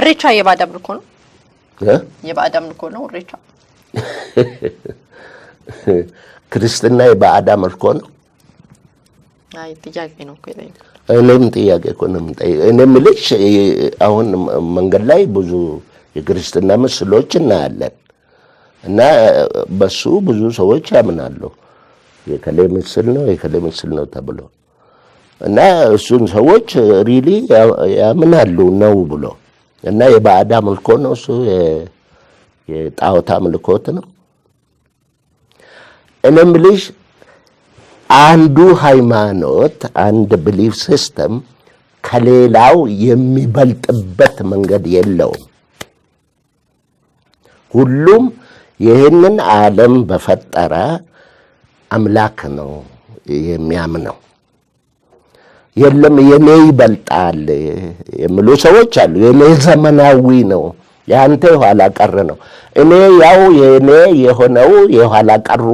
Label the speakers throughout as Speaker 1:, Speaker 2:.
Speaker 1: እሬቻ የባዕድ አምልኮ ነው። የባዕድ አምልኮ ነው እሬቻ።
Speaker 2: ክርስትና የባዕድ አምልኮ ነው።
Speaker 1: አይ ጥያቄ ነው እኮ
Speaker 2: እኔም ጥያቄ እኮ ነው የምጠይቀው። እኔ የምልሽ አሁን መንገድ ላይ ብዙ የክርስትና ምስሎች እናያለን እና በሱ ብዙ ሰዎች ያምናሉ። የከሌ ምስል ነው የከሌ ምስል ነው ተብሎ እና እሱን ሰዎች ሪሊ ያምናሉ ነው ብሎ እና የባዕድ አምልኮ ነው እሱ የጣዖት አምልኮት ነው። እኔም ልሽ አንዱ ሃይማኖት አንድ ብሊፍ ሲስተም ከሌላው የሚበልጥበት መንገድ የለውም። ሁሉም ይህንን ዓለም በፈጠረ አምላክ ነው የሚያምነው። የለም የኔ ይበልጣል የሚሉ ሰዎች አሉ። የኔ ዘመናዊ ነው፣ የአንተ የኋላ ቀር ነው። እኔ ያው የኔ የሆነው የኋላ ቀሩ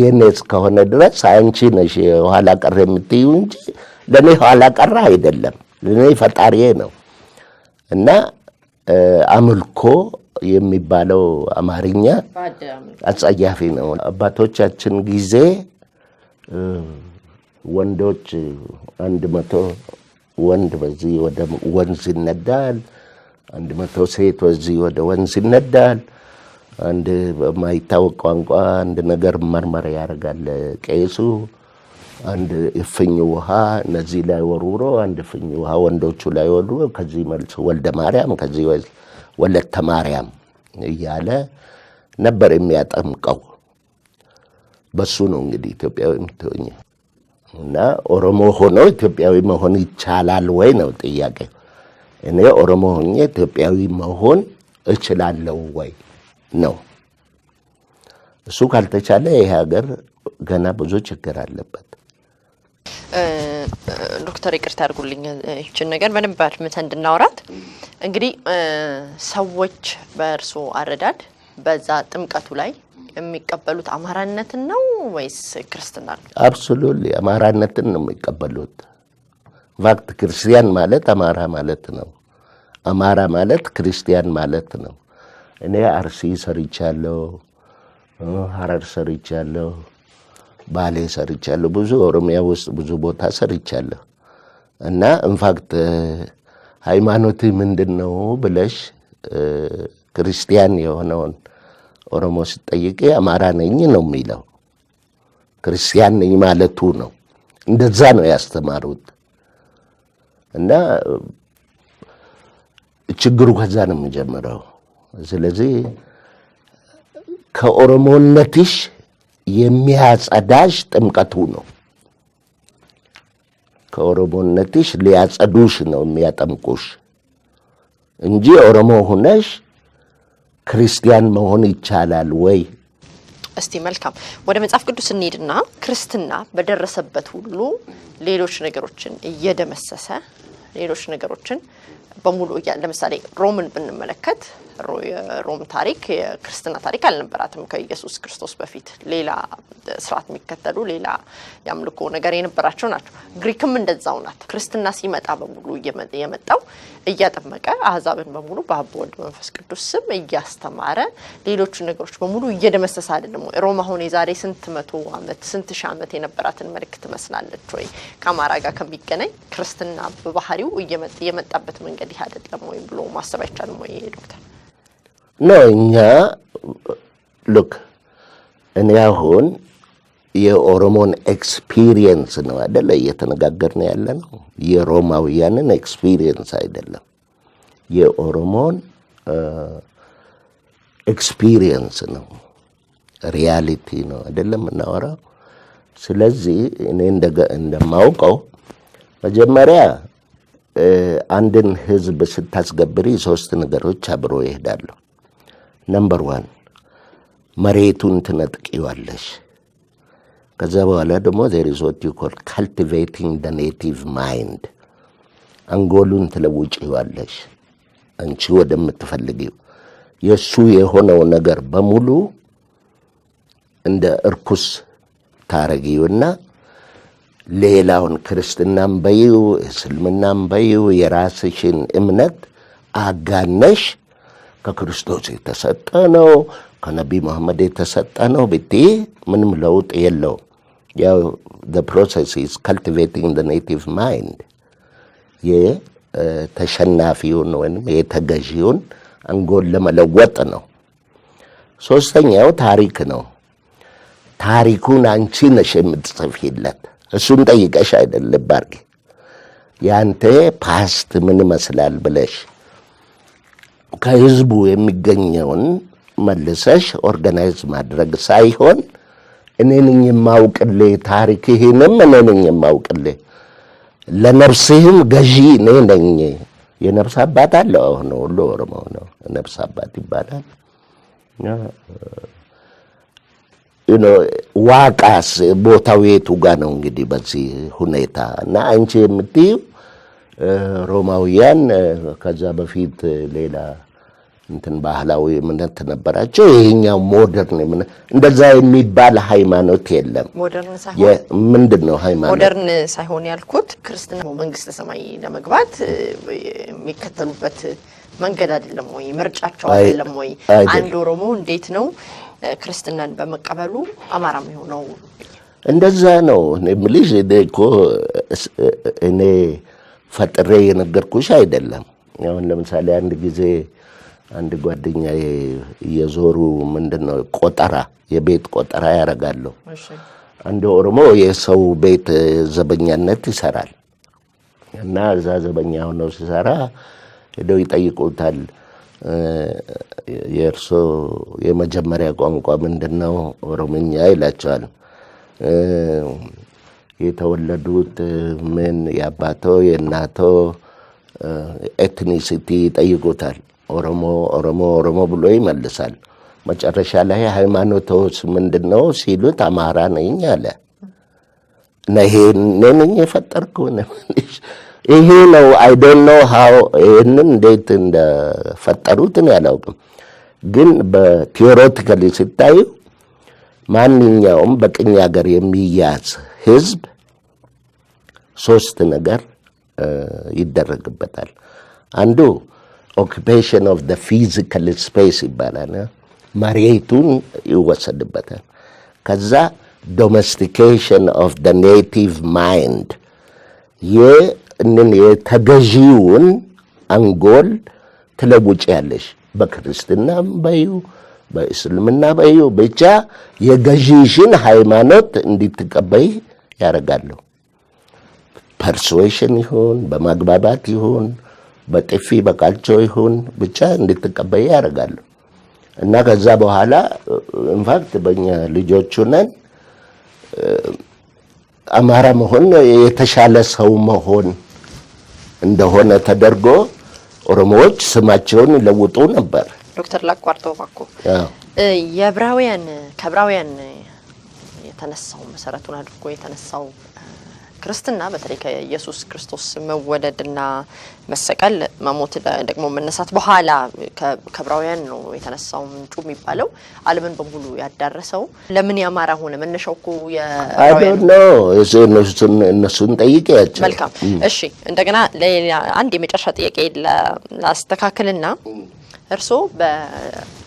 Speaker 2: የኔ እስከሆነ ድረስ አንቺ ነሽ የኋላ ቀር የምትዩ እንጂ ለእኔ ኋላ ቀር አይደለም፣ ለእኔ ፈጣሪዬ ነው እና አምልኮ የሚባለው አማርኛ አጸያፊ ነው። አባቶቻችን ጊዜ ወንዶች አንድ መቶ ወንድ በዚህ ወደ ወንዝ ይነዳል። አንድ መቶ ሴት በዚህ ወደ ወንዝ ይነዳል። አንድ በማይታወቅ ቋንቋ አንድ ነገር መርመር ያደርጋል ቄሱ። አንድ እፍኝ ውሃ እነዚህ ላይ ወርውሮ አንድ እፍኝ ውሃ ወንዶቹ ላይ ወርውሮ ከዚህ መልስ ወልደ ማርያም ከዚህ ወለተ ማርያም እያለ ነበር የሚያጠምቀው። በሱ ነው እንግዲህ ኢትዮጵያዊ የምትሆኘው። እና ኦሮሞ ሆኖ ኢትዮጵያዊ መሆን ይቻላል ወይ ነው ጥያቄ። እኔ ኦሮሞ ሆኜ ኢትዮጵያዊ መሆን እችላለሁ ወይ ነው። እሱ ካልተቻለ ይሄ ሀገር ገና ብዙ ችግር አለበት።
Speaker 1: ዶክተር ይቅርታ አድርጉልኝ ይችን ነገር በደንብ አድምተን እንድናወራት። እንግዲህ ሰዎች በእርሶ አረዳድ በዛ ጥምቀቱ ላይ የሚቀበሉት አማራነትን ነው ወይስ ክርስትና ነው?
Speaker 2: አብሶሉትሊ አማራነትን ነው የሚቀበሉት። ቫክት ክርስቲያን ማለት አማራ ማለት ነው። አማራ ማለት ክርስቲያን ማለት ነው። እኔ አርሲ ሰርቻለሁ፣ ሀረር ሰርቻለሁ፣ ባሌ ሰርቻለሁ፣ ብዙ ኦሮሚያ ውስጥ ብዙ ቦታ ሰርቻለሁ እና ኢንፋክት ሃይማኖት ምንድን ነው ብለሽ ክርስቲያን የሆነውን ኦሮሞ ስጠይቅ አማራ ነኝ ነው የሚለው። ክርስቲያን ነኝ ማለቱ ነው። እንደዛ ነው ያስተማሩት። እና ችግሩ ከዛ ነው የሚጀምረው። ስለዚህ ከኦሮሞነትሽ የሚያጸዳሽ ጥምቀቱ ነው። ከኦሮሞነትሽ ሊያጸዱሽ ነው የሚያጠምቁሽ እንጂ ኦሮሞ ሁነሽ ክርስቲያን መሆን ይቻላል ወይ?
Speaker 1: እስቲ መልካም ወደ መጽሐፍ ቅዱስ እንሄድና ክርስትና በደረሰበት ሁሉ ሌሎች ነገሮችን እየደመሰሰ ሌሎች ነገሮችን በሙሉ ለምሳሌ ሮምን ብንመለከት የሮም ታሪክ የክርስትና ታሪክ አልነበራትም። ከኢየሱስ ክርስቶስ በፊት ሌላ ስርዓት የሚከተሉ ሌላ የአምልኮ ነገር የነበራቸው ናቸው። ግሪክም እንደዛው ናት። ክርስትና ሲመጣ በሙሉ የመጣው እያጠመቀ አህዛብን በሙሉ በአብ ወልድ መንፈስ ቅዱስ ስም እያስተማረ ሌሎቹ ነገሮች በሙሉ እየደመሰሰ አይደለም። ሮም አሁን የዛሬ ስንት መቶ ዓመት ስንት ሺህ ዓመት የነበራትን መልክ ትመስላለች ወይ? ከአማራ ጋር ከሚገናኝ ክርስትና በባህሪው የመጣበት መንገድ ይህ አይደለም ወይም ብሎ ማሰብ አይቻልም ወይ ዶክተር?
Speaker 2: ኖ እኛ ሉክ እኔ አሁን የኦሮሞን ኤክስፒሪየንስ ነው አይደለ እየተነጋገርን ያለ ነው። የሮማውያንን ኤክስፒሪየንስ አይደለም፣ የኦሮሞን ኤክስፒሪየንስ ነው፣ ሪያሊቲ ነው አይደለም እናወራው። ስለዚህ እኔ እንደማውቀው መጀመሪያ አንድን ህዝብ ስታስገብሪ ሶስት ነገሮች አብሮ ይሄዳሉ። ነምበር ዋን መሬቱን ትነጥቂዋለሽ። ከዛ በኋላ ደግሞ ዜሪሶት ይኮል ካልቲቬቲንግ ደ ኔቲቭ ማይንድ አንጎሉን ትለውጪዋለሽ። አንቺ ወደምትፈልጊው የእሱ የሆነው ነገር በሙሉ እንደ እርኩስ ታረጊውና ሌላውን ክርስትናም በይው እስልምናም በይው የራስሽን እምነት አጋነሽ ከክርስቶስ የተሰጠ ነው፣ ከነቢ መሐመድ የተሰጠ ነው ብቲ ምንም ለውጥ የለው። ያው the process is cultivating የተሸናፊውን ወይም የተገዢውን አንጎል ለመለወጥ ነው። ሶስተኛው ታሪክ ነው። ታሪኩን አንቺ ነሽ የምትጽፊለት። እሱን ጠይቀሽ አይደል ባርጌ ያንተ ፓስት ምን ይመስላል ብለሽ ከህዝቡ የሚገኘውን መልሰሽ ኦርጋናይዝ ማድረግ ሳይሆን እኔ ነኝ የማውቅልህ፣ ታሪክህንም እኔ ነኝ የማውቅልህ፣ ለነፍስህም ገዢ እኔ ነኝ። የነፍስ አባት አለ። አሁን ሁሉ ኦሮሞ ነው፣ ነፍስ አባት ይባላል። ዋቃስ ቦታው የቱ ጋ ነው? እንግዲህ በዚህ ሁኔታ እና አንቺ የምትይው ሮማውያን ከዛ በፊት ሌላ እንትን ባህላዊ እምነት ነበራቸው። ይሄኛው ሞደርን እምነት እንደዛ የሚባል ሃይማኖት የለም። ምንድን ነው ሃይማኖት?
Speaker 1: ሞደርን ሳይሆን ያልኩት ክርስትና መንግስተ ሰማይ ለመግባት የሚከተሉበት መንገድ አይደለም ወይ? ምርጫቸው አይደለም ወይ? አንድ ኦሮሞ እንዴት ነው ክርስትናን በመቀበሉ አማራም የሆነው?
Speaker 2: እንደዛ ነው የምልሽ። እኮ እኔ ፈጥሬ የነገርኩሽ አይደለም። አሁን ለምሳሌ አንድ ጊዜ አንድ ጓደኛ የዞሩ ምንድን ነው ቆጠራ የቤት ቆጠራ ያደርጋሉ። አንድ ኦሮሞ የሰው ቤት ዘበኛነት ይሰራል እና እዛ ዘበኛ ሆነው ሲሰራ ሄደው ይጠይቁታል። የእርሶ የመጀመሪያ ቋንቋ ምንድን ነው? ኦሮምኛ ይላቸዋል። የተወለዱት ምን የአባቶ የእናቶ ኤትኒሲቲ ይጠይቁታል። ኦሮሞ ኦሮሞ ኦሮሞ ብሎ ይመልሳል። መጨረሻ ላይ ሃይማኖትስ ምንድን ነው ሲሉት አማራ ነኝ አለ እና ይሄ ይሄንን የፈጠርኩ ይሄ ነው። አይ ዶንት ኖ ሃው ይህንን እንዴት እንደፈጠሩት እኔ አላውቅም፣ ግን በቴዎሬቲካሊ ሲታዩ ማንኛውም በቅኝ ሀገር የሚያዝ ህዝብ ሶስት ነገር ይደረግበታል። አንዱ ኦኪፔሽን ኦፍ ፊዚካል ስፔስ ይባላል። መሬቱን ይወሰድበታል። ከዛ ዶሜስቲኬሽን ኦፍ ደ ኔቲቭ ማይንድ ይህንን የተገዢውን አንጎል ትለውጪያለሽ። በክርስትና በዩ በእስልምና በዩ ብቻ የገዢሽን ሃይማኖት እንድትቀበይ ያደርጋሉ። ፐርስዌሽን ይሁን በማግባባት ይሁን በጥፊ በቃልቾ ይሁን ብቻ እንድትቀበይ ያደርጋሉ። እና ከዛ በኋላ ኢንፋክት በእኛ ልጆቹ ነን አማራ መሆን የተሻለ ሰው መሆን እንደሆነ ተደርጎ ኦሮሞዎች ስማቸውን ይለውጡ ነበር።
Speaker 1: ዶክተር ላቋርጦ ባኮ የብራውያን ከብራውያን የተነሳው መሰረቱን አድርጎ የተነሳው ክርስትና በተለይ ከኢየሱስ ክርስቶስ መወለድና መሰቀል መሞት ደግሞ መነሳት በኋላ ከብራውያን ነው የተነሳው ምንጩ የሚባለው ዓለምን በሙሉ ያዳረሰው ለምን ያማራ ሆነ? መነሻው እኮ
Speaker 2: እነሱን ጠይቄያቸው።
Speaker 1: መልካም እሺ፣ እንደገና ለሌላ አንድ የመጨረሻ ጥያቄ ላስተካክልና እርስዎ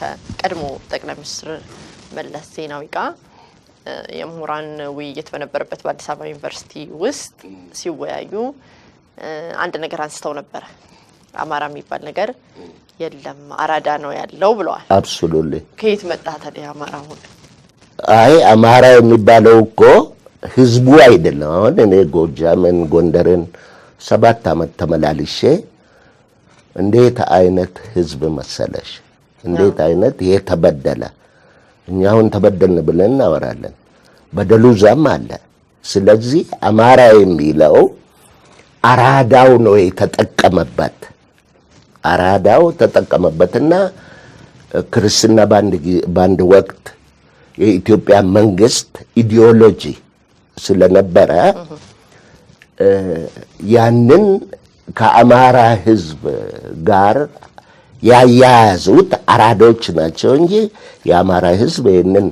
Speaker 1: ከቀድሞ ጠቅላይ ሚኒስትር መለስ ዜናዊ ጋር የምሁራን ውይይት በነበረበት በአዲስ አበባ ዩኒቨርሲቲ ውስጥ ሲወያዩ አንድ ነገር አንስተው ነበረ። አማራ የሚባል ነገር የለም፣ አራዳ ነው ያለው ብለዋል። አብሶሉት ከየት መጣ ታዲያ አማራ?
Speaker 2: አይ አማራ የሚባለው እኮ ህዝቡ አይደለም። አሁን እኔ ጎጃምን፣ ጎንደርን ሰባት ዓመት ተመላልሼ እንዴት አይነት ህዝብ መሰለሽ! እንዴት አይነት የተበደለ እኛ አሁን ተበደልን ብለን እናወራለን። በደሉ ዛም አለ። ስለዚህ አማራ የሚለው አራዳው ነው የተጠቀመበት፣ አራዳው ተጠቀመበትና ክርስትና በአንድ ወቅት የኢትዮጵያ መንግስት ኢዲዮሎጂ ስለነበረ ያንን ከአማራ ህዝብ ጋር ያያያዙት አራዳዎች ናቸው እንጂ የአማራ ህዝብ ይህንን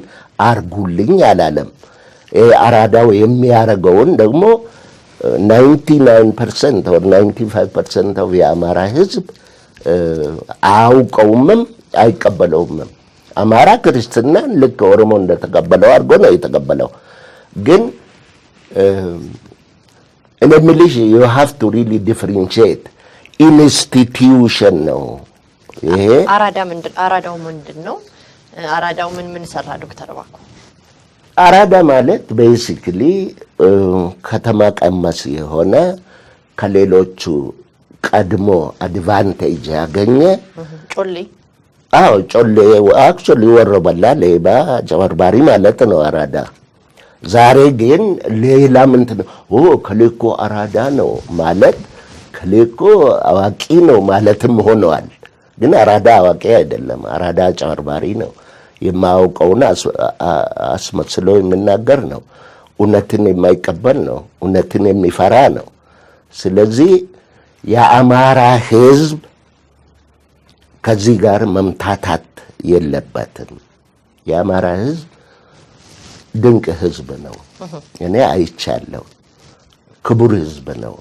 Speaker 2: አርጉልኝ አላለም። አራዳው የሚያደርገውን ደግሞ 99% ናይን 95% ኦፍ የአማራ ህዝብ አያውቀውምም አይቀበለውምም። አማራ ክርስትናን ልክ ኦሮሞ እንደተቀበለው አድርጎ ነው የተቀበለው። ግን እኔ የምልሽ ዩ ሃቭ ቱ ሪሊ ዲፍሬንሺየት ኢንስቲትዩሽን ነው
Speaker 1: ይሄ አራዳ ምንድን አራዳው ምንድን ነው? አራዳው ምን ምን ሰራ? ዶክተር ባኮ
Speaker 2: አራዳ ማለት ቤሲክሊ ከተማ ቀመስ የሆነ ከሌሎቹ ቀድሞ አድቫንቴጅ ያገኘ ጮሌ አዎ ጮሌ አክቹዋሊ ወሮበላ፣ ሌባ፣ ጨበርባሪ ማለት ነው አራዳ። ዛሬ ግን ሌላ ምንት ነው ከሌኮ አራዳ ነው ማለት ከሌኮ አዋቂ ነው ማለትም ሆነዋል። ግን አራዳ አዋቂ አይደለም። አራዳ አጭበርባሪ ነው። የማያውቀውን አስመስሎ የሚናገር ነው። እውነትን የማይቀበል ነው። እውነትን የሚፈራ ነው። ስለዚህ የአማራ ሕዝብ ከዚህ ጋር መምታታት የለበትም። የአማራ ሕዝብ ድንቅ ሕዝብ ነው። እኔ አይቻለሁ። ክቡር ሕዝብ ነው።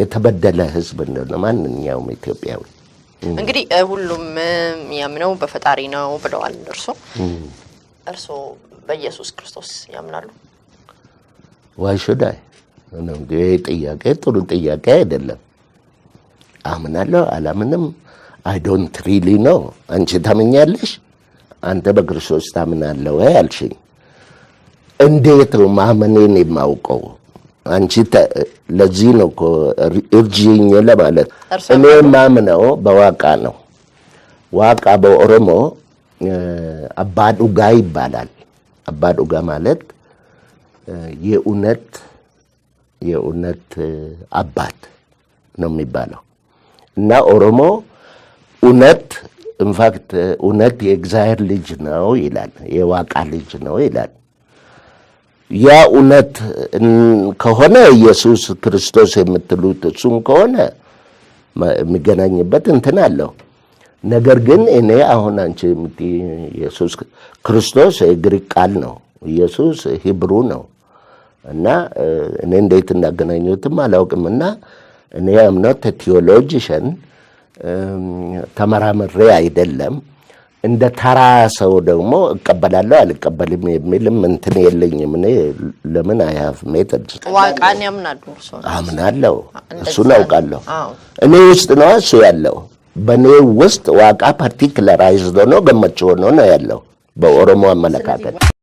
Speaker 2: የተበደለ ሕዝብ ነው። ለማንኛውም ኢትዮጵያዊ
Speaker 1: እንግዲህ ሁሉም የሚያምነው በፈጣሪ ነው ብለዋል። እርሶ እርስዎ በኢየሱስ ክርስቶስ ያምናሉ?
Speaker 2: ዋይሹዳይ ይህ ጥያቄ ጥሩ ጥያቄ አይደለም። አምናለሁ አላምንም ዶንት ሪሊ ነው። አንቺ ታምኛለሽ? አንተ በክርስቶስ ታምናለህ ወይ አልሽኝ። እንዴት ማመኔን የማውቀው አንቺ ለዚህ ነው እኮ እርጅኝ ለማለት እኔ ማምነው በዋቃ ነው። ዋቃ በኦሮሞ አባዱጋ ይባላል። አባዱጋ ማለት የእውነት የእውነት አባት ነው የሚባለው እና ኦሮሞ እውነት ኢንፋክት እውነት የእግዚአብሔር ልጅ ነው ይላል፣ የዋቃ ልጅ ነው ይላል። ያ እውነት ከሆነ ኢየሱስ ክርስቶስ የምትሉት እሱም ከሆነ የሚገናኝበት እንትን አለው። ነገር ግን እኔ አሁን አንቺ ኢየሱስ ክርስቶስ የግሪክ ቃል ነው፣ ኢየሱስ ሂብሩ ነው እና እኔ እንዴት እንዳገናኙትም አላውቅም እና እኔ እምነት ቴዎሎጂሽን ተመራምሬ አይደለም እንደ ተራ ሰው ደግሞ እቀበላለሁ አልቀበልም የሚልም እንትን የለኝም። እኔ ለምን አይሀፍ ሜተድ
Speaker 1: ዋቃን ያምናሉ
Speaker 2: አምናለሁ። እሱን አውቃለሁ። እኔ ውስጥ ነው እሱ ያለው። በእኔ ውስጥ ዋቃ ፓርቲክለራይዝድ ነው፣ ገመች ሆኖ ነው ያለው በኦሮሞ አመለካከት